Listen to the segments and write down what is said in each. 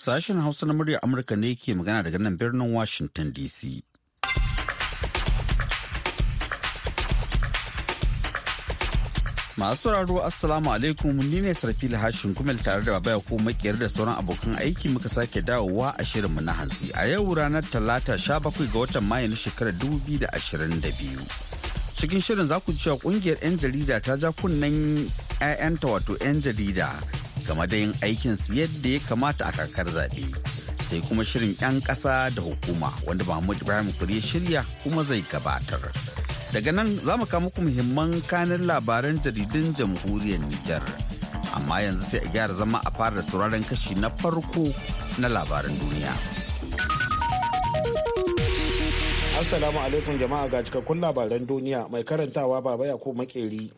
Sashen Hausa na murya Amurka ne ke magana daga nan birnin Washington DC. Masu sauraro Assalamu alaikum ni ne Sarfil Hashin Kumel tare da baya ko makiyar da sauran abokan aiki muka sake dawowa a shirinmu na hantsi. A yau ranar Talata sha bakwai ga watan Mayu na shekarar da ashirin biyu. Cikin shirin za ku ce cewa kungiyar 'yan jarida ta ja kunnen 'ya'yanta wato 'yan jarida game da yin su yadda ya kamata a karkar zaɓe. Sai kuma shirin 'yan ƙasa da hukuma wanda Mahmud Ibrahim Kuri ya shirya kuma zai gabatar. Daga nan za mu kama muku muhimman kanin labaran jaridun jamhuriyar Nijar. Amma yanzu sai a gyara zama a fara da sauraron kashi na farko na labaran duniya. Assalamu alaikum jama'a ga cikakkun labaran duniya mai karantawa baba Yakubu Makeri.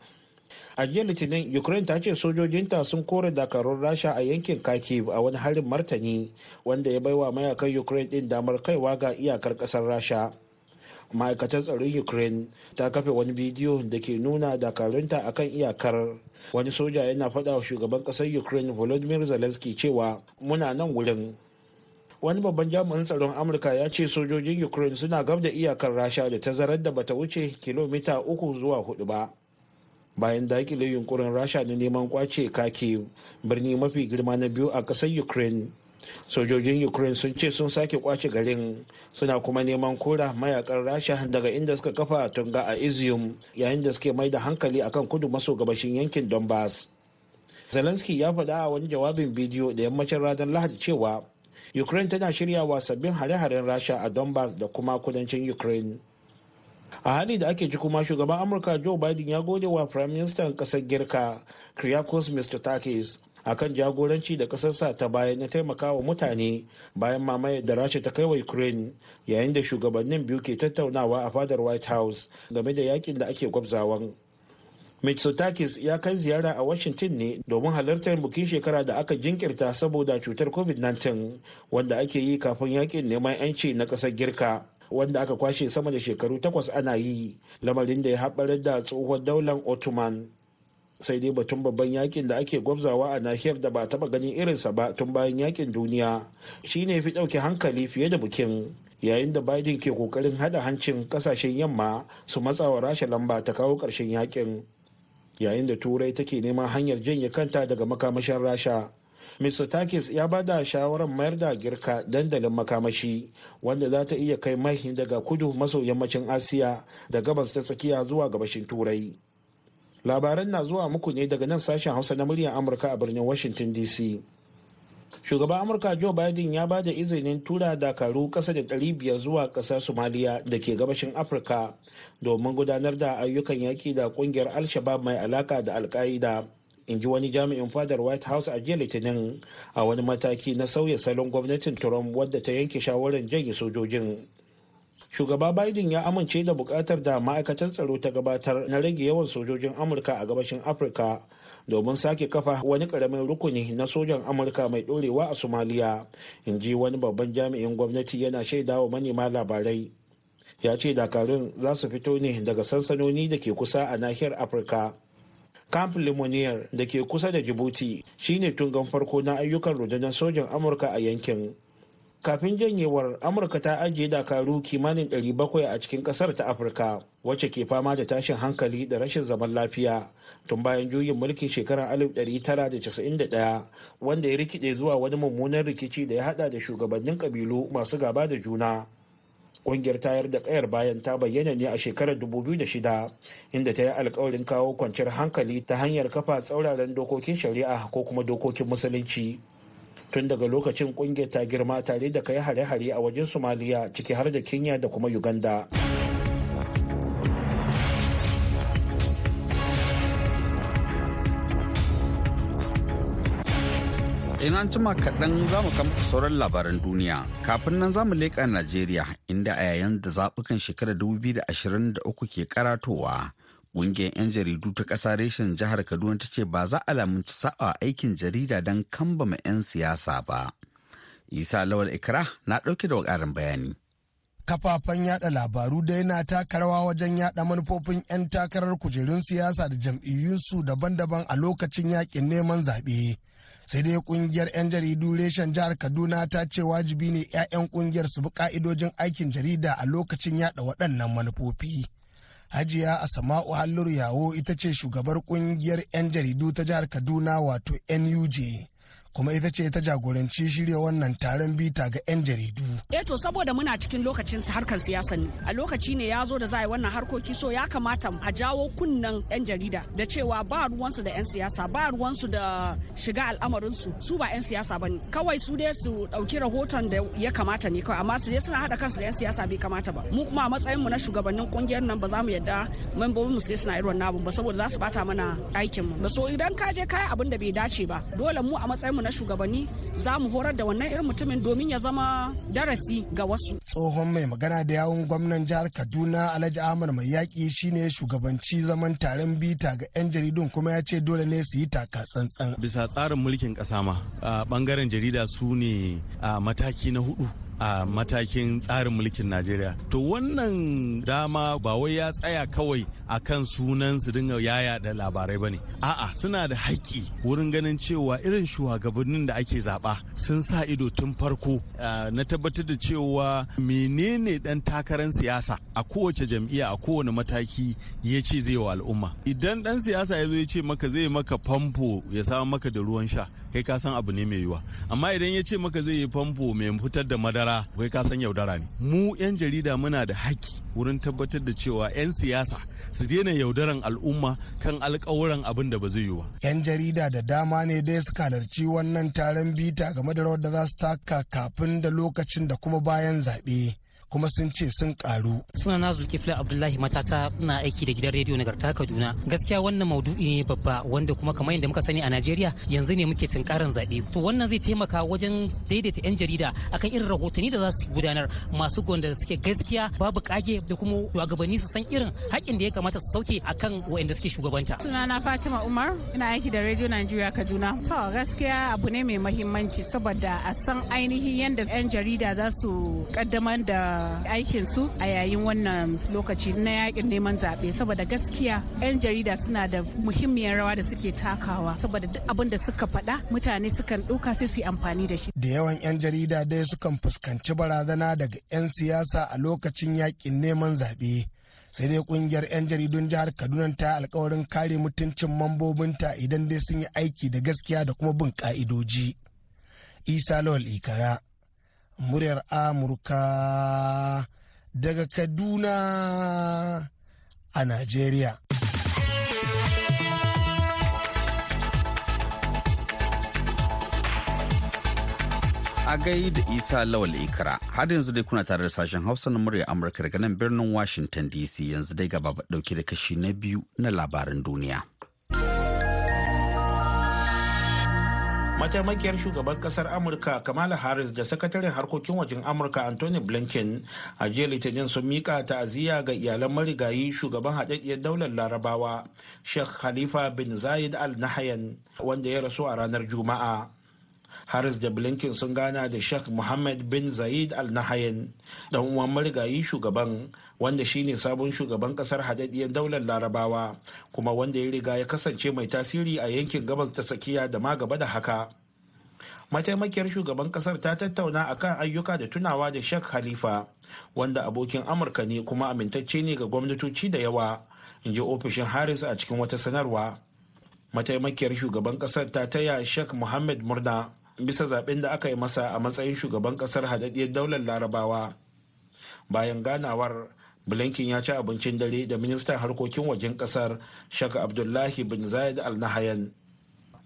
a jiya litinin ukraine ta ce sojojinta sun kore dakarun rasha a yankin kharkiv a wani harin martani wanda ya baiwa mayakan ukraine din damar kaiwa ga iyakar kasar rasha ma'aikatar tsaron ukraine ta kafe wani bidiyo da ke nuna dakarunta a kan iyakar wani soja yana faɗa wa shugaban ƙasar ukraine volodymyr zelensky cewa muna nan wurin wani babban jami'in tsaron amurka ya ce sojojin ukraine suna gab da iyakar rasha da tazarar da bata wuce kilomita uku zuwa hudu ba bayan dakile yunkurin rasha na neman kwace kake birni mafi girma na biyu a ƙasar ukraine sojojin ukraine sun ce sun sake kwace garin suna kuma neman kora mayakan rasha daga inda suka kafa tunga a izium yayin da suke mai da hankali akan kudu maso gabashin yankin donbass zelensky ya faɗa a wani jawabin bidiyo da yammacin ranar lahadi cewa ukraine tana shiryawa sabbin hare-haren rasha a donbass da kuma kudancin ukraine a hali da ake ci kuma shugaban amurka joe biden ya gode wa Firaministan minister kasar girka kriakos mr takis akan jagoranci da kasarsa ta bayan na taimakawa mutane bayan mamayar da rasha ta kai wa ukraine yayin da shugabannin biyu ke tattaunawa a fadar white house game da yakin da ake gwabzawan mitsotakis ya kai ziyara a washington ne domin halartar bukin shekara da aka jinkirta saboda cutar covid-19 wanda ake yi kafin yakin neman 'yanci na ƙasar girka wanda aka kwashe sama da shekaru takwas ana yi lamarin da ya haɓarar da tsohon daular ottoman sai dai batun babban yakin da ake gwabzawa a nahiyar da ba taɓa ganin irinsa ba tun bayan yakin duniya shine fi ɗauke hankali fiye da bikin yayin da biden ke kokarin hada hancin kasashen yamma su matsawa rasha lamba ta kawo ƙarshen yakin yayin da turai take neman hanyar janye kanta daga makamashin rasha Mitsotakis ya ba da shawarar mayar da girka dandalin makamashi wanda za ta iya kai mai daga kudu maso yammacin asiya da gabas ta tsakiya zuwa gabashin turai labaran na zuwa muku ne daga nan sashen hausa na muryar amurka a birnin washington dc shugaban amurka joe biden ya ba da izinin tura dakaru kasa da ɗari biyar zuwa ƙasar somaliya da ke gabashin afirka domin gudanar da ayyukan yaƙi da ƙungiyar al mai alaƙa da al in ji wani jami'in fadar white house a jiya litinin a wani mataki na sauya salon gwamnatin trump wadda ta yanke shawarar janye sojojin shugaba biden ya amince da bukatar da ma'aikatar tsaro ta gabatar na rage yawan sojojin amurka a gabashin afirka domin sake kafa wani karamin rukuni na sojan amurka mai dorewa a somaliya in ji wani babban jami'in gwamnati yana shaidawa manema labarai ya ce dakarun za su fito ne daga sansanoni da ke kusa a nahiyar afirka Camp Limonier da ke kusa da Djibouti shine tungan farko na ayyukan rundunar sojan Amurka a yankin. Kafin janyewar Amurka ta ajiye dakaru kimanin 700 a cikin kasar ta Afirka wacce ke fama da tashin hankali da rashin zaman lafiya tun bayan juyin mulkin shekarar 1991 wanda ya rikide zuwa wani mummunan rikici da ya hada da shugabannin kabilu masu gaba da juna Ƙungiyar tayar da ƙayar bayan ta bayyana ne a shekarar 2006 inda ta yi alkawarin kawo kwanciyar hankali ta hanyar kafa tsauraran dokokin shari'a ko kuma dokokin musulunci. Tun daga lokacin ƙungiyar ta girma tare da kai hare-hare a wajen Somaliya ciki har da Kenya da kuma Uganda. ina an jima kaɗan za mu kama sauran labaran duniya kafin nan za mu leƙa najeriya inda a yayin da zaɓukan shekarar 2023 ke karatowa ƙungiyar 'yan jaridu ta ƙasa reshen jihar kaduna ta ce ba za a lamunci sa'a aikin jarida don kambama 'yan siyasa ba isa lawal ikra na ɗauke da ƙarin bayani kafafen yada labaru dai na taka rawa wajen yada manufofin 'yan takarar kujerun siyasa da jam'iyyunsu daban-daban a lokacin yakin neman zaɓe sai dai kungiyar 'yan jaridu reshen jihar kaduna ta ce wajibi ne 'ya'yan kungiyar su bi ka'idojin aikin jarida a lokacin yada waɗannan manufofi hajiya asama'u halluru yawo ita ce shugabar kungiyar 'yan jaridu ta jihar kaduna wato nuj kuma ita ce ta jagoranci shirya wannan taron bita ga 'yan jaridu. e to saboda muna cikin lokacin harkar siyasa ne a lokaci ne ya zo da za a yi wannan harkoki so ya kamata a jawo kunnen 'yan jarida da cewa ba ruwansu da 'yan siyasa ba ruwansu da shiga al'amarinsu su ba 'yan siyasa ba ne kawai su dai su ɗauki rahoton da ya kamata ne kawai amma su dai suna haɗa kansu da 'yan siyasa bai kamata ba mu kuma a matsayin mu na shugabannin kungiyar nan ba za mu yadda membobin mu sai suna irin wannan ba saboda za su bata mana aikin mu so idan ka je kai abin da bai dace ba dole mu a matsayin na shugabanni za mu horar da wannan irin mutumin domin ya zama darasi ga wasu. Tsohon mai magana da yawun gwamnan jihar Kaduna Alhaji Ahmad mai yaƙi shine shugabanci zaman taron bita ga 'yan jaridun kuma ya ce dole ne su yi taka tsantsan. Bisa tsarin mulkin ƙasa ma, ɓangaren jarida su ne mataki na hudu a matakin tsarin mulkin najeriya to wannan dama ba wai ya tsaya kawai a kan sunan su dinga yaya da labarai ba ne a'a suna da haƙƙi wurin ganin cewa irin shugabannin da ake zaɓa sun sa ido tun farko na tabbatar da cewa menene ɗan takarar siyasa a kowace jam'iyya a kowane mataki ya ce zai wa al'umma idan ɗan siyasa ya zo ya ce maka zai maka famfo ya samu maka da ruwan sha kai ka san abu ne mai yiwa amma idan ya ce maka zai yi famfo mai fitar da madara yaudara wai ka san yaudara ne mu 'yan jarida muna da haƙƙi wurin tabbatar da cewa 'yan siyasa su daina yaudaran al'umma kan alƙawuran abin da ba zai yi ba 'yan jarida da dama ne dai suka halarci wannan taron bita game da rawar da za su taka kafin da lokacin da kuma bayan zaɓe kuma sun ce sun karu. Sunana Zulkifla Abdullahi Matata na aiki da gidan rediyo Nagarta Kaduna. Gaskiya wannan maudu'i ne babba wanda kuma kamar yadda muka sani a Najeriya yanzu ne muke tunkarin zaɓe. To wannan zai taimaka wajen daidaita 'yan jarida akan irin rahotanni da za su gudanar masu gonda da suke gaskiya babu kage da kuma shugabanni su san irin haƙin da ya kamata su sauke akan waɗanda suke shugabanta. Suna na Fatima Umar ina aiki da rediyo Najeriya Kaduna. To gaskiya abu ne mai mahimmanci saboda a san ainihin yadda 'yan jarida za su kaddamar da aikin su a yayin wannan lokaci na yakin neman zaɓe saboda gaskiya 'yan jarida suna da muhimmiyar rawa da suke takawa saboda duk abin da suka faɗa mutane sukan ɗauka sai su yi amfani da shi. Da yawan 'yan jarida dai sukan fuskanci barazana daga 'yan siyasa a lokacin yakin neman zaɓe. sai dai kungiyar 'yan jaridun jihar kaduna ta alkawarin kare mutuncin mambobinta idan dai sun yi aiki da gaskiya da kuma bin ka'idoji isa lawal ikara muryar Amurka daga Kaduna a Najeriya. A da Isa Lawal Ikra, har yanzu dai kuna tare da sashen Hausa na murya Amurka daga nan birnin Washington DC yanzu dai gaba dauke da kashi na biyu na labaran duniya. mataimakiyar shugaban kasar amurka kamala harris da sakataren harkokin wajen amurka anthony blinken a jiya litinin sun mika ta'aziyya ga iyalan marigayi shugaban haɗaɗɗiyar daular larabawa sheikh khalifa bin zayed al nahyan wanda ya rasu a ranar juma'a harris da blinken sun gana da sheikh mohammed bin zayed al nahyan dan uwan marigayi shugaban wanda shine sabon shugaban kasar hadaddiyar daular larabawa kuma wanda ya riga ya kasance mai tasiri a yankin gabas ta tsakiya da ma gaba da haka mataimakiyar shugaban kasar ta tattauna akan ayyuka da tunawa da Sheikh halifa wanda abokin Amurka ne kuma amintacce ne ga gwamnatoci da yawa in ji ofishin Harris a cikin wata sanarwa. Mataimakiyar shugaban kasar ta taya Sheikh Mohammed Murna bisa zaben da aka yi masa a matsayin shugaban kasar hadaddiyar daular Larabawa. Bayan ganawar Blinken ya ci abincin dare da ministan harkokin wajen kasar Sheikh Abdullahi bin Zayed Al Nahyan.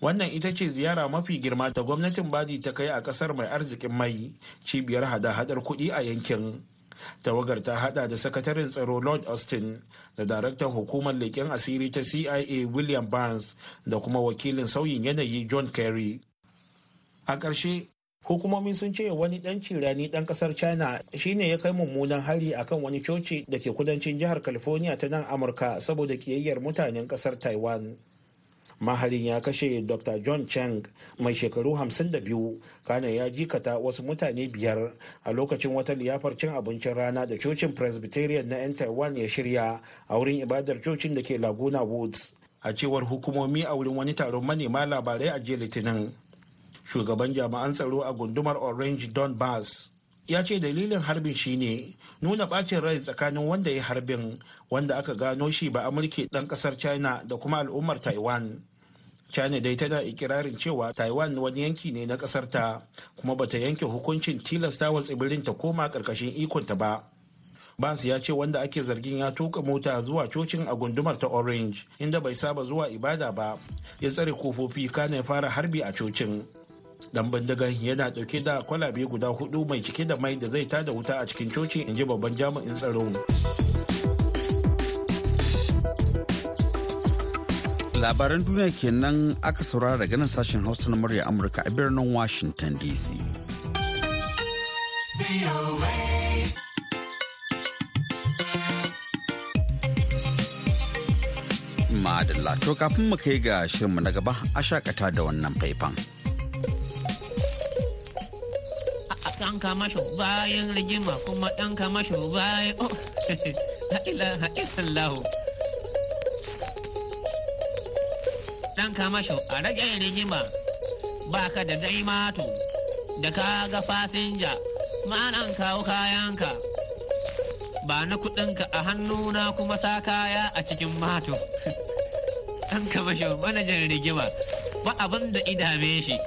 wannan ita ce ziyara mafi girma ta gwamnatin badi ta kai a kasar mai arzikin mai cibiyar hada-hadar kuɗi a yankin tawagar ta hada da sakataren tsaro lord austin da daraktan hukumar leƙen asiri ta cia william barnes da kuma wakilin sauyin yanayi john kerry a ƙarshe hukumomi sun ce wani dan cirani dan kasar china shine ya kai mummunan hari akan wani coci da ke kudancin jihar california ta nan amurka saboda kiyayyar mutanen kasar taiwan maharin ya kashe dr john cheng mai shekaru 52 kana ya jikata wasu mutane biyar a lokacin wata liyafar cin abincin rana da cocin presbyterian na 'yan taiwan ya shirya a wurin ibadar cocin da ke laguna woods a cewar hukumomi a wurin wani taron manema labarai a jiya litinin shugaban jami'an tsaro a gundumar orange don bass ya ce dalilin harbin shine nuna bacin rai tsakanin wanda ya harbin wanda aka gano shi ba amurke dan kasar china da kuma al'ummar taiwan china dai tana ikirarin cewa taiwan wani yanki ne na kasar ta kuma bata yanke hukuncin tilasta wa tsibirin ta koma karkashin ikonta ba bansu ya ce wanda ake zargin ya tuka mota zuwa cocin a gundumar ta Orange inda bai saba zuwa ibada ba ya tsare kofofi kana ya fara harbi a cocin. dan bindigan yana dauke da kwalabe guda hudu mai cike da mai da zai tada wuta a cikin coci inji babban jami'in tsaro labaran duniya kenan aka saurara daga nan sashen hausa na murya amurka a birnin washington dc madalla to kafin mu kai ga shirinmu na gaba a shakata da wannan faifan. ɗan kamasho bayan rigima kuma ɗan kamasho bayan oh ha'ilallahu ɗan kamasho a rage rigima ba ka da zai mato da ka ga fasinja ma ma'anan kawo kayanka ba na kuɗinka a hannuna kuma sa kaya a cikin mato ɗan kamasho manajan rigima ba abin da idame shi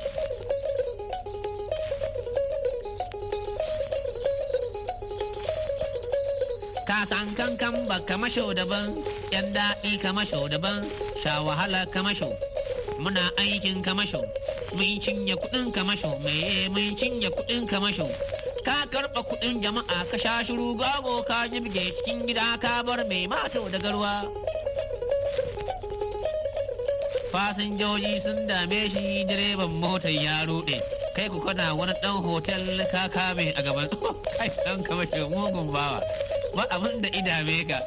san kankan ba kamasho daban, ‘yan daɗi kamasho daban, sha wahala kamasho, muna aikin kamasho, mun cinye kuɗin kamasho, meye eh, mun cinye kuɗin shau. Ka karɓa kuɗin jama'a ka sha shiru gago ka jibge cikin gida ka bar mai mato da garwa. Fasinjoji sun dame shi direban motar ya ruɗe. Kai ku kana wani ɗan hotel ka kame a gaban kai ɗan kamashin mugun bawa. ba abin da idame ka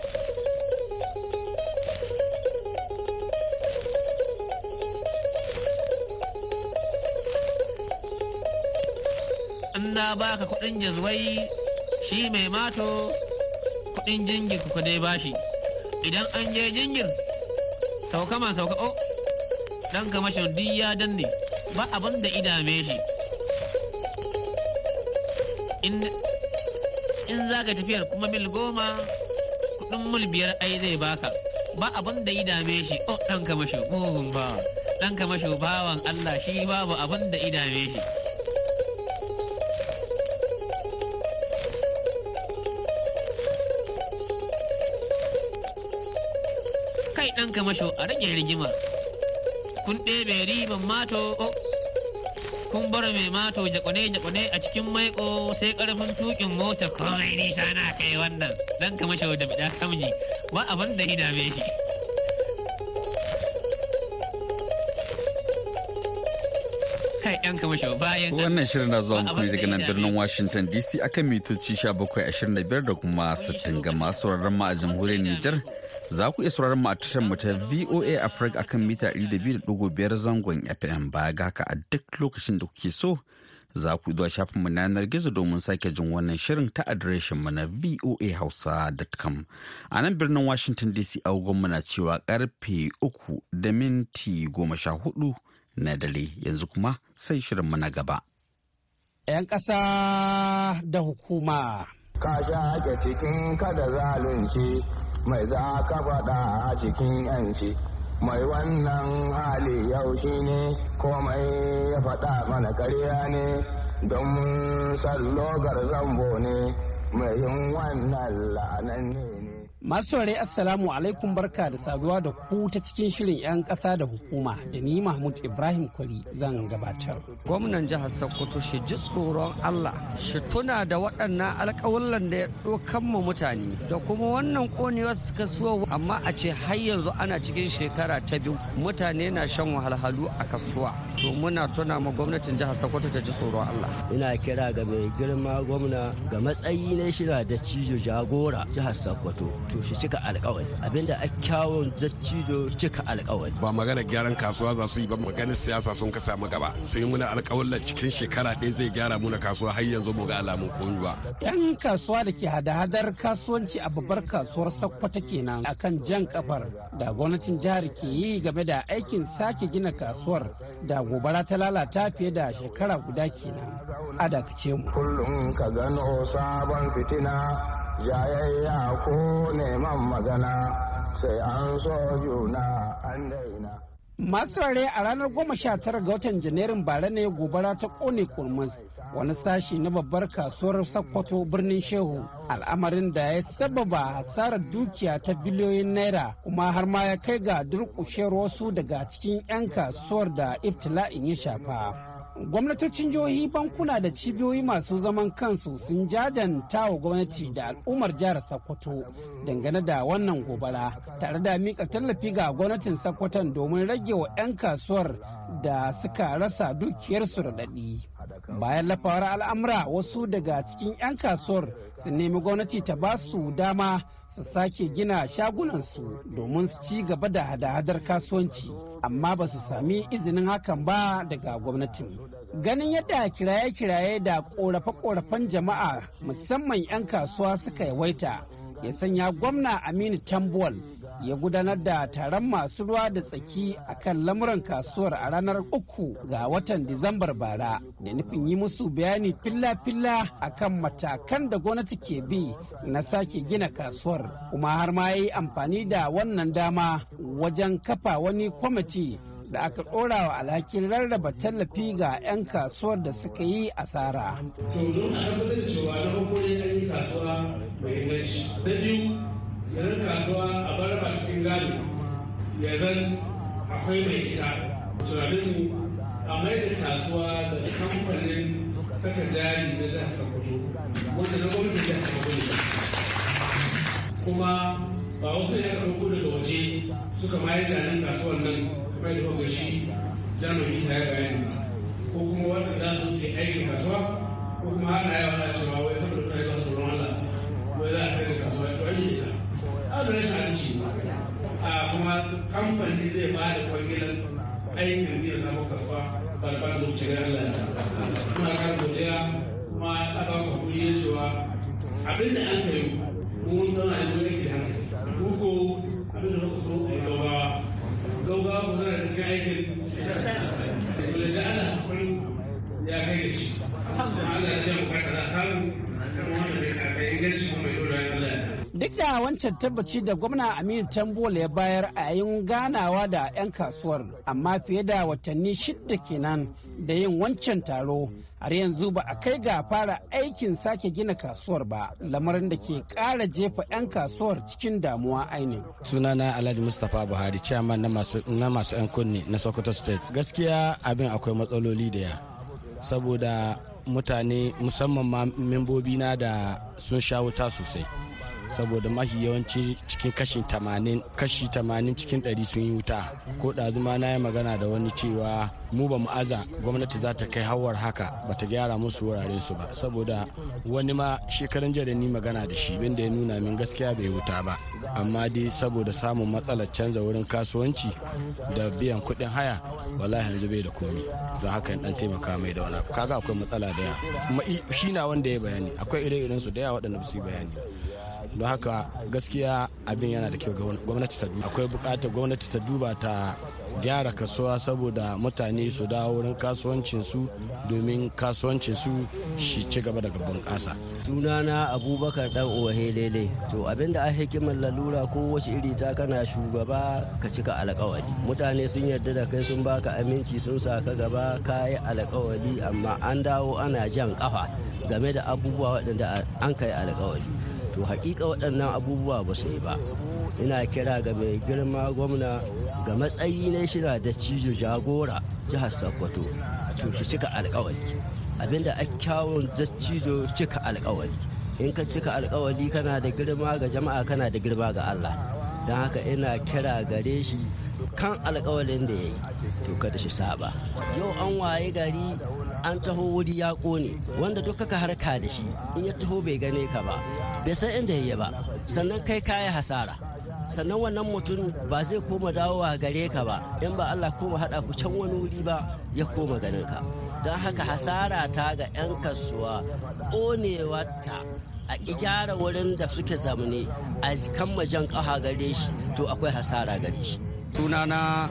in na baka kudin jazwai shi mai mato kudin jingir ku dai bashi idan an je jingir sauka man sauka o oh, dan kamashin duk ya danne ba abin da idame shi in za ka tafiyar kuma mil goma kudin mil biyar ai zai baka ba abin da ya dame shi o oh, ɗan ka mashi mugun mm, ba ɗan ka mashi bawan Allah shi babu abin da ya dame shi kai ɗan ka mashi a rage rigima kun ɗebe riban mato o oh. kumbar mai mato jakone-jakone a cikin maiko sai karfin tukin mota komai nisa na kai wannan dan kama shau da bida kamji ba abin da ina me shi Wannan shirin na zuwa muku daga nan birnin Washington DC akan mitoci 1725 da kuma 60 ga masu sauraron ma a jamhuriyar Nijar. Za ku iya sauraron mu a tashar mu ta VOA Africa akan mita 200.5 zangon FM baya ga haka a duk lokacin da kuke so. Za ku zuwa shafin mu yanar gizo domin sake jin wannan shirin ta adireshin mu na voahausa.com. A nan birnin Washington DC agogon mu na cewa karfe uku da minti goma na dare yanzu kuma sai shirin mu na gaba. 'Yan ƙasa da hukuma. Ka sha cikin kada zalunci mai za ka faɗa a cikin yanci mai wannan hali yau shi ne komai ya faɗa mana karya ne don sallogar zambo ne mai yin wannan la'anan ne Masu saurari Assalamu alaikum barka da saduwa da ku ta cikin shirin 'yan ƙasa da hukuma da ni Mahmud Ibrahim Kwari zan gabatar. Gwamnan jihar Sokoto shi ji tsoron Allah shi tuna da waɗannan alƙawullan da ya ɗokan mu mutane da kuma wannan ƙonewar suka suwa amma a ce har yanzu ana cikin shekara ta biyu mutane na shan wahalhalu a kasuwa. To muna tuna ma gwamnatin jihar Sokoto ta ji tsoron Allah. Ina kira ga mai girma gwamna ga matsayi na shira da cijo jagora jihar Sokoto. to shi cika alkawari abinda a kyawun zaccijo cika alkawari ba magana gyaran kasuwa za su yi ba maganar siyasa sun kasa mu gaba sun yi muna alkawarin cikin shekara ɗaya zai gyara muna kasuwa har yanzu mu ga alamun komi ba yan kasuwa da ke hada-hadar kasuwanci a babbar kasuwar sakkwata kenan akan jan kafar da gwamnatin jihar ke yi game da aikin sake gina kasuwar da gobara ta lalata fiye da shekara guda kenan a dakace mu kullum ka gano sabon fitina yayayya ko neman magana sai an so juna an daina. Masu ware a ranar goma sha tara ga watan Janairun bara ne gobara ta kone kurmus wani sashi na babbar kasuwar Sokoto birnin Shehu al'amarin da ya sababa hasarar dukiya ta biliyoyin naira kuma har ma ya kai ga durƙushewar wasu daga cikin 'yan kasuwar da ibtila'in ya shafa. gwamnatocin jihohi bankuna da cibiyoyi masu zaman kansu sun jajanta wa gwamnati da al'ummar jihar sokoto dangane da wannan gobara tare da mika tallafi ga gwamnatin sokoton domin rage wa 'yan kasuwar da suka rasa dukiyarsu raɗaɗi. Bayan lafawar al'amura wasu daga cikin 'yan kasuwar su nemi gwamnati ta ba su dama su sake gina shagunansu domin su ci gaba da hada-hadar kasuwanci, amma ba su sami izinin hakan ba daga gwamnatin. Ganin yadda kiraye-kiraye da ƙorafe-ƙorafen jama'a musamman 'yan kasuwa suka yawaita ya sanya gwamna Aminu Tambuwal ya gudanar da taron masu ruwa da tsaki a kan lamuran kasuwar a ranar uku ga watan Disambar bara da nufin yi musu bayani filla-filla a kan matakan da gwamnati ke bi na sake gina kasuwar kuma har ma ya yi amfani da wannan dama wajen kafa wani kwamiti da aka ɗora wa alhakin rarraba tallafi ga 'yan kasuwar da suka yi asara. yanzu kasuwa a bar ba cikin ya zan akwai mai ita tunanin mu a mai da kasuwa da kamfanin saka jari na jihar sokoto wanda na gwamnati jihar sokoto kuma ba wasu ya ɗauko daga waje suka ma yi zanen kasuwar nan kamar da kuka shi jami'in ta yi bayani ko kuma za su ke aikin kasuwa ko kuma haɗa yawa na cewa wai saboda kai kasuwar Allah wai za a sai da kasuwa ya ɗauki ita azurin shi a kuma kamfani zai ba da kwangilan aikin da samu kasuwa barbar da wuce gari Allah muna kan godiya kuma aka ku kuri cewa abin da an kai mun gama da wani ke hankali ko abin kuka so a gaugawa gaugawa ko zara da cikin aikin da Allah hakuri ya kai da shi da ya bukata na samu kuma wanda bai karɓi inganci kuma mai dole ya Allah ya Duk da wancan tabbaci da gwamna Aminu Tambola ya bayar a yayin ganawa da 'yan kasuwar, amma fiye da watanni shidda kenan da yin wancan taro, har yanzu ba a kai ga fara aikin sake gina kasuwar ba, lamarin da ke ƙara jefa 'yan kasuwar cikin damuwa ainihin. Sunana Alhaji Mustapha Buhari, chairman na masu 'yan kunne na Sokoto State. Gaskiya abin akwai matsaloli da ya, saboda mutane musamman ma membobi na da sun sha wuta sosai. saboda mafi yawanci cikin kashi 80 kashi 80 cikin 100 sun yi wuta ko ɗazuma na yi magana da wani cewa mu ba mu aza gwamnati za ta kai hawar haka ba ta gyara musu wuraren su ba saboda wani ma shekaran jere ni magana da shi bin da ya nuna min gaskiya bai wuta ba amma dai saboda samun matsalar canza wurin kasuwanci da biyan kuɗin haya wallahi yanzu bai da komi don haka in dan taimaka mai da wani kaga akwai matsala da ya shi na wanda ya bayani akwai ire-iren su da yawa waɗanda su yi bayani don haka gaskiya abin yana da kyau gwamnati ta duba akwai bukatar gwamnati ta duba ta gyara kasuwa saboda mutane su dawo wurin kasuwancinsu domin kasuwancinsu shi ci gaba daga bunƙasa sunana abubakar dan ohe daidai to abinda a hikimar lalura ko wace iri ta kana shugaba ka cika alkawari mutane sun yarda da kai sun baka aminci sun sa ka gaba ka yi alkawari amma an dawo ana jan kafa game da abubuwa waɗanda an kai alkawari to hakika waɗannan abubuwa ba su yi ba ina kira ga mai girma gwamna ga matsayi na shira da cijo jagora jihar sokoto to shi cika alkawari abinda a kyawun cijo cika alkawari in ka cika alkawari kana da girma ga jama'a kana da girma ga allah don haka ina kira gare shi kan alkawarin da ya yi to kada shi saba yau an waye gari an taho wuri ya ƙone wanda duk ka harka da shi in ya taho bai gane ka ba bai san inda yake ba sannan kai kaya hasara sannan wannan mutum ba zai koma dawowa gare ka ba in ba Allah koma haɗa ku can wani wuri ba ya koma ganin ka don haka hasara ta ga 'yan kasuwa ƙonewa ta a gyara wurin da suke zamani a kan majan ƙaha gare shi to akwai hasara gare shi sunana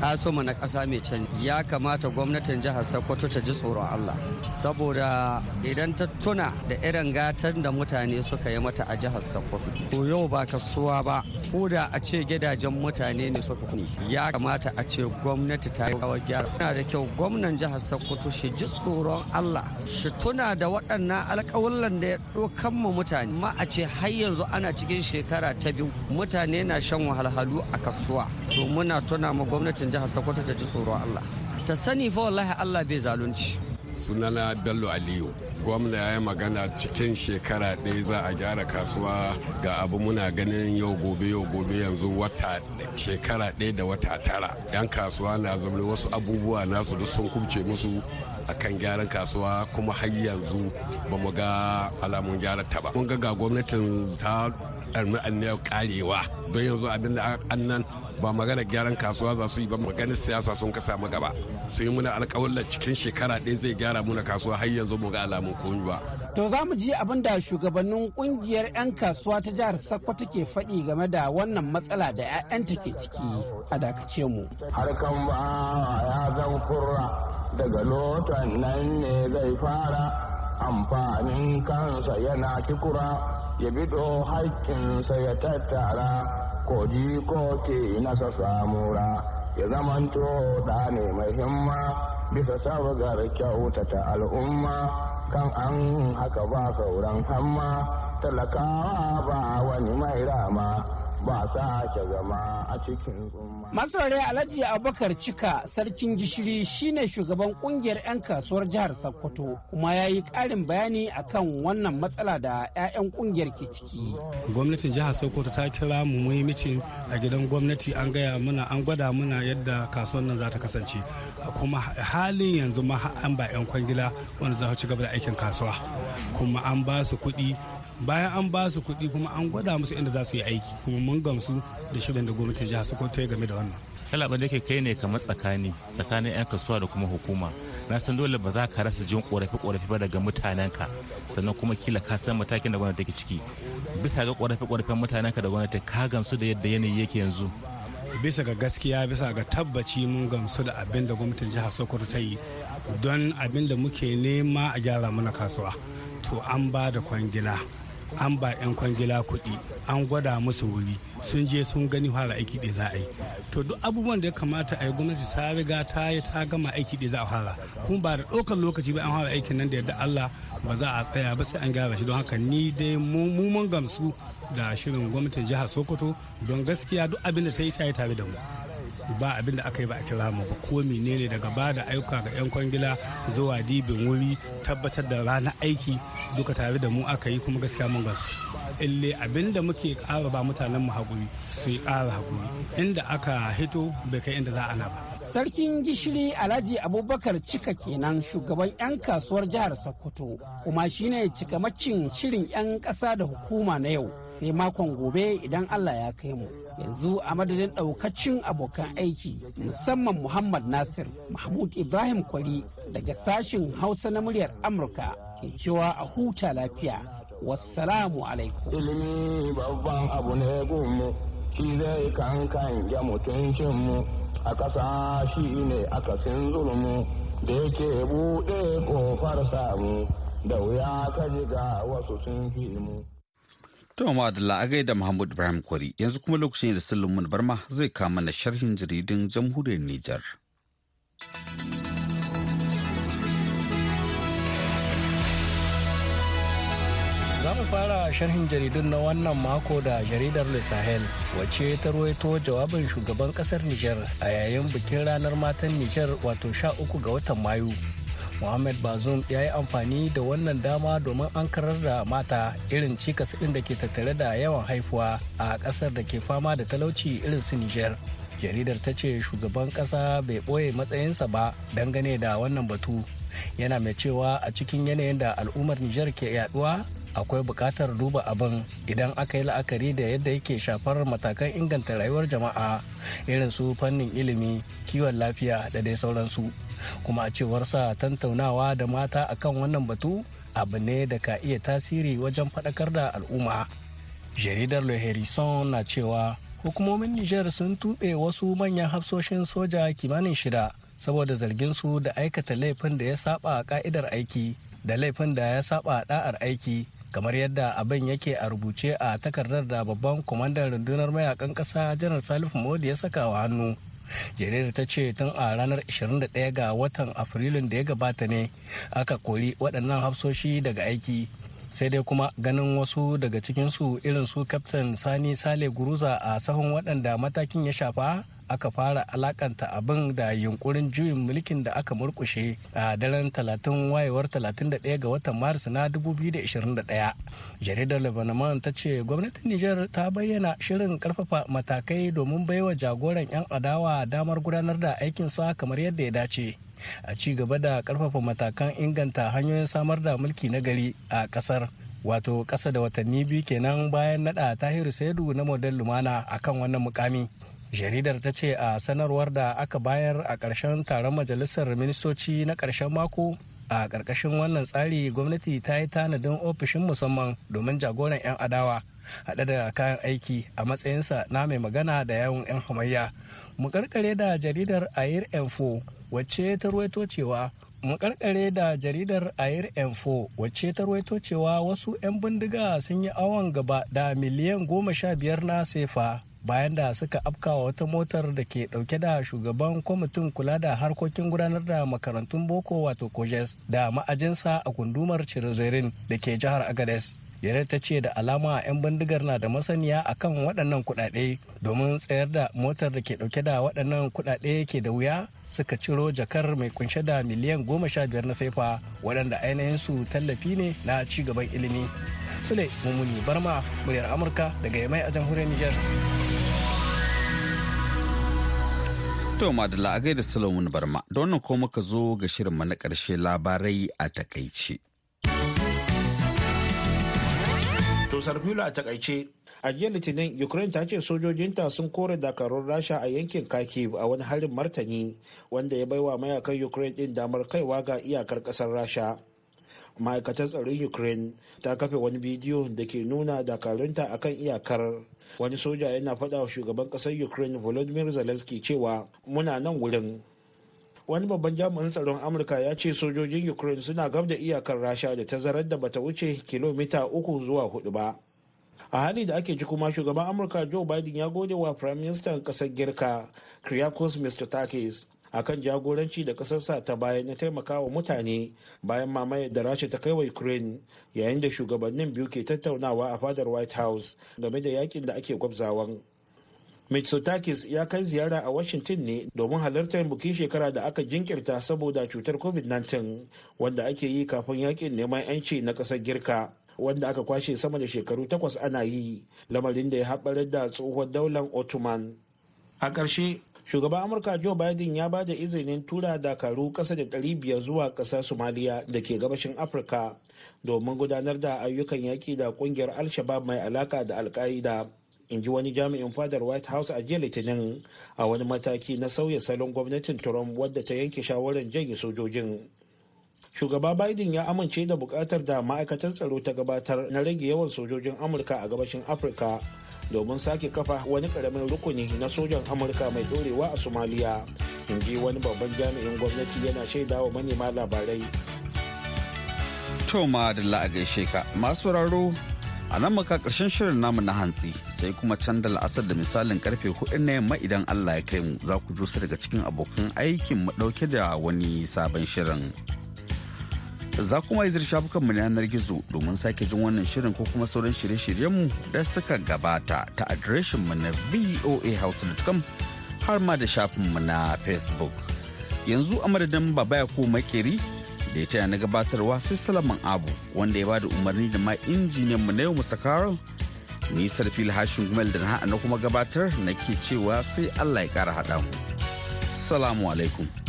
taso na ƙasa mai canji ya kamata gwamnatin jihar sokoto ta ji tsoron allah saboda idan ta tuna da irin gatan da mutane suka yi mata a jihar sokoto to yau ba kasuwa ba ko da a ce gidajen mutane ne suka kuni ya kamata a ce gwamnati ta yi kawo gyara suna da kyau gwamnan jihar sokoto shi ji tsoron allah shi tuna da waɗannan alƙawullan da ya ɗaukan mu mutane ma a ce har yanzu ana cikin shekara ta biyu mutane na shan wahalhalu a kasuwa to muna tuna ma gwamnatin jihar Sokoto ta ji tsoron Allah ta sani fa wallahi Allah bai zalunci sunana Bello Aliyu gwamna ya yi magana cikin shekara ɗaya za a gyara kasuwa ga abu muna ganin yau gobe yau gobe yanzu wata shekara ɗaya da wata tara yan kasuwa na zaune wasu abubuwa nasu duk sun kubce musu akan gyaran kasuwa kuma har yanzu ba mu ga alamun gyara ta ba mun ga ga gwamnatin ta ɗarmi annayar karewa don yanzu abin da an nan ba magana gyaran kasuwa za su yi ba maganar siyasa sun kasa mu gaba sai yi muna alƙawarin cikin shekara ɗaya zai gyara muna kasuwa har yanzu mu ga alamun komi ba to za mu ji abin da shugabannin kungiyar 'yan kasuwa ta jihar sakwa take faɗi game da wannan matsala da 'ya'yanta ke ciki a dakace mu harkan ba ya zan kurra daga lotan nan ne zai fara amfanin kansa yana kikura ya bido haƙƙinsa ya tattara koji ko ke nasa samura ya zamanto da ne mai himma bisa sabgar kyautata al'umma kan an haka ba sauran hamma talakawa ba wani mai rama ba sa ake zama a cikin tsumma. Masaure Alhaji Abubakar Cika sarkin gishiri shine shugaban kungiyar 'yan kasuwar jihar Sokoto kuma ya yi ƙarin bayani akan wannan matsala da 'ya'yan kungiyar ke ciki. Gwamnatin jihar Sokoto ta kira mu muyi mitin a gidan gwamnati an gaya muna an gwada muna yadda kasuwar nan za ta kasance kuma halin yanzu ma an ba 'yan kwangila wanda za su ci gaba da aikin kasuwa kuma an ba su kuɗi bayan an ba su kuɗi kuma an gwada musu inda za su yi aiki kuma mun gamsu da shirin da gwamnatin jihar sokoto ya game da wannan kalaban da yake kai ne kamar tsakani tsakanin 'yan kasuwa da kuma hukuma na san dole ba za ka rasa jin korafi korafi ba daga mutanenka sannan kuma kila ka san matakin da gwamnati take ciki bisa ga korafi korafin mutanenka da gwamnati ka gamsu da yadda yanayi yake yanzu bisa ga gaskiya bisa ga tabbaci mun gamsu da abin da gwamnatin jihar sokoto ta yi don abin da muke nema a gyara mana kasuwa to an ba da kwangila an ba 'yan kwangila kuɗi an gwada musu wuri sun je sun gani fara aiki da za a yi to duk abubuwan da ya kamata a yi gwamnati ta riga ta yi ta gama aiki da za a fara kuma ba da ɗaukar lokaci ba an fara aikin nan da yadda Allah ba za a tsaya ba sai an gyara shi don haka ni dai mu mun gamsu da shirin gwamnatin jihar Sokoto don gaskiya duk abin da ta yi ta yi tare da mu ba abin da aka yi ba a kira mu ba ko menene daga ba da ayyuka ga 'yan kwangila zuwa dibin wuri tabbatar da ranar aiki duka tare da mu aka yi kuma gaskiya mun gasu ille abinda muke kara ba mutanen mu haƙuri su yi ƙara haƙuri inda aka hito bai kai inda za ana ba sarkin gishiri alhaji abubakar cika kenan shugaban 'yan kasuwar jihar sokoto kuma shine cika macin shirin 'yan ƙasa da hukuma na yau sai makon gobe idan allah ya kai mu yanzu a madadin daukacin abokan aiki musamman muhammad nasir mahmud ibrahim kwari daga sashin hausa na muryar amurka ke cewa a huta lafiya wassalamu alaikum ilimi babban abu ne gumu shi zai kankan ya mutuncinmu a ƙasa shi ne akasin zulmu da yake buɗe ƙofar samu da wuya ka wasu sun fi mu To Adalla a gaida Muhammad Ibrahim Kwari yanzu kuma lokacin da Sulaiman Barma zai kama na sharhin jaridun jamhuriyar Nijar. fara sharhin jaridun na wannan mako da jaridar Le Sahel wacce ta ruwaito jawabin shugaban kasar Nijar a yayin bikin ranar matan Nijar wato sha uku ga watan Mayu. mohamed Bazoum ya yi amfani da wannan dama domin an karar da mata irin cikas ɗin da ke tattare da yawan haifuwa a kasar da ke fama da talauci irin su Nijar. Jaridar ta ce shugaban ƙasa bai ɓoye matsayinsa ba dangane da wannan batu. Yana mai cewa a cikin yanayin da al'ummar Nijar ke yaduwa akwai buƙatar duba abin idan aka yi la'akari da yadda yake shafar matakan inganta rayuwar jama'a irin su fannin ilimi kiwon lafiya da dai sauransu kuma a cewar sa tantaunawa da mata akan wannan batu abu ne da ka iya tasiri wajen faɗakar da al'umma jaridar le harrison na cewa hukumomin niger sun tuɓe wasu manyan hafsoshin soja kimanin shida saboda zargin su da aikata laifin da ya saba ka'idar aiki da laifin da ya saba da'ar aiki kamar yadda abin yake a rubuce a takardar da babban kwamandan rundunar mayakan ƙasa janar salif modi ya saka wa hannu jaridar ta ce tun a ranar 21 ga watan afrilun da ya gabata ne aka kori waɗannan hafsoshi daga aiki sai dai kuma ganin wasu daga cikinsu irin su kaftin sani sale guruza a sahun waɗanda matakin ya shafa aka fara alakanta abin da yunkurin juyin mulkin da aka murkushe a daren 30 wayewar 31 ga watan maris na 2021 jaridar lebanon ta ce gwamnatin niger ta bayyana shirin karfafa matakai domin baiwa jagoran 'yan adawa damar gudanar da aikinsa kamar yadda ya dace a ci gaba da karfafa matakan inganta hanyoyin samar da mulki na gari a kasar wato kasa da watanni biyu kenan bayan nada tahiru saidu na model lumana akan wannan mukami jaridar ta ce a sanarwar da aka bayar a ƙarshen taron majalisar ministoci na ƙarshen mako a ƙarƙashin wannan tsari gwamnati ta yi tanadin ofishin musamman domin jagoran 'yan adawa haɗe da kayan aiki a matsayinsa na mai magana da yawon 'yan hamayya mu karkare da jaridar air info wacce ta ruwaito cewa ƙarƙare da jaridar air info wacce ta ruwaito cewa wasu 'yan bindiga sun yi awon gaba da miliyan goma sha biyar na sefa bayan da suka afkawa wata motar da ke dauke da shugaban kwamitin kula da harkokin gudanar da makarantun boko wato kojes da ma'ajinsa a gundumar cirozerin da ke jihar agades yare ta ce da alama 'yan bindigar na da masaniya akan waɗannan kuɗaɗe domin tsayar da motar da ke dauke da waɗannan kuɗaɗe ke da wuya suka ciro jakar mai kunshe da miliyan goma sha biyar na saifa waɗanda ainihin su tallafi ne na ci gaban ilimi Sule Mummuni Barma muryar Amurka daga Yamai a jamhuriyar Nijar. To Madalla a gaida salomon Barma, don nan ko muka zo ga shirinmu na karshe labarai a takaice. To Sarfilo a takaice, a jiya Litinin Ukraine ta ce sojojinta sun kore dakarun Rasha a yankin Kharkiv a wani harin martani wanda ya baiwa mayakan Ukraine din damar kaiwa ga iyakar kasar Rasha. ma'aikatar tsaron ukraine ta kafe wani bidiyo da ke nuna dakarunta kan iyakar wani soja yana faɗa wa shugaban ƙasar ukraine volodymyr zelensky cewa muna nan wurin wani babban jami'in tsaron amurka ya ce sojojin ukraine suna gab da iyakar rasha da tazarar da bata wuce kilomita uku zuwa hudu ba a hali da ake ji kuma shugaban amurka joe biden ya gode wa prime minister kasar girka mr takis. akan jagoranci da ƙasarsa ta bayan na taimakawa mutane bayan mamayar da rasha ta kai wa ukraine yayin da shugabannin biyu ke tattaunawa a fadar white house game da yakin da ake gwabzawan mitsotakis ya kai ziyara a washington ne domin halartar bukin shekara da aka jinkirta saboda cutar covid-19 wanda ake yi kafin yakin neman 'yanci na ƙasar girka wanda aka kwashe sama da shekaru takwas ana yi lamarin da ya haɓarar da tsohon daular ottoman a ƙarshe shugaban amurka joe biden ya da izinin tura dakaru kasa da ɗari biyar zuwa ƙasar somaliya da ke gabashin afirka domin gudanar da ayyukan yaƙi da ƙungiyar al mai alaka da alka'ida in ji wani jami'in fadar white house a jiya litinin a wani mataki na sauya salon gwamnatin trump wadda ta yanke shawarar janye sojojin shugaba biden ya amince da bukatar da ma'aikatar tsaro ta gabatar na rage yawan sojojin amurka a gabashin afirka domin sake kafa wani karamin rukuni na sojan amurka mai dorewa a somaliya in wani babban jami'in gwamnati yana shaida wa manema labarai toma da la'agai sheka masu raro a nan muka karshen shirin namu na hantsi sai kuma can da la'asar da misalin karfe hudu na yamma idan allah ya kai mu za ku su daga cikin abokan aikin mu dauke da wani sabon shirin. za kuma yi shafukan mu yanar gizo domin sake jin wannan shirin ko kuma sauran shirye-shiryenmu da suka gabata ta adireshin mu na voahouse.com har ma da shafin mu na facebook yanzu a madadin baba ya ko makeri da ya taya na gabatarwa sai salaman abu wanda ya bada umarni da ma injiniyan mu na yau mr ni sarfil hashin gumel da na kuma gabatar nake cewa sai allah ya kara haɗa mu salamu alaikum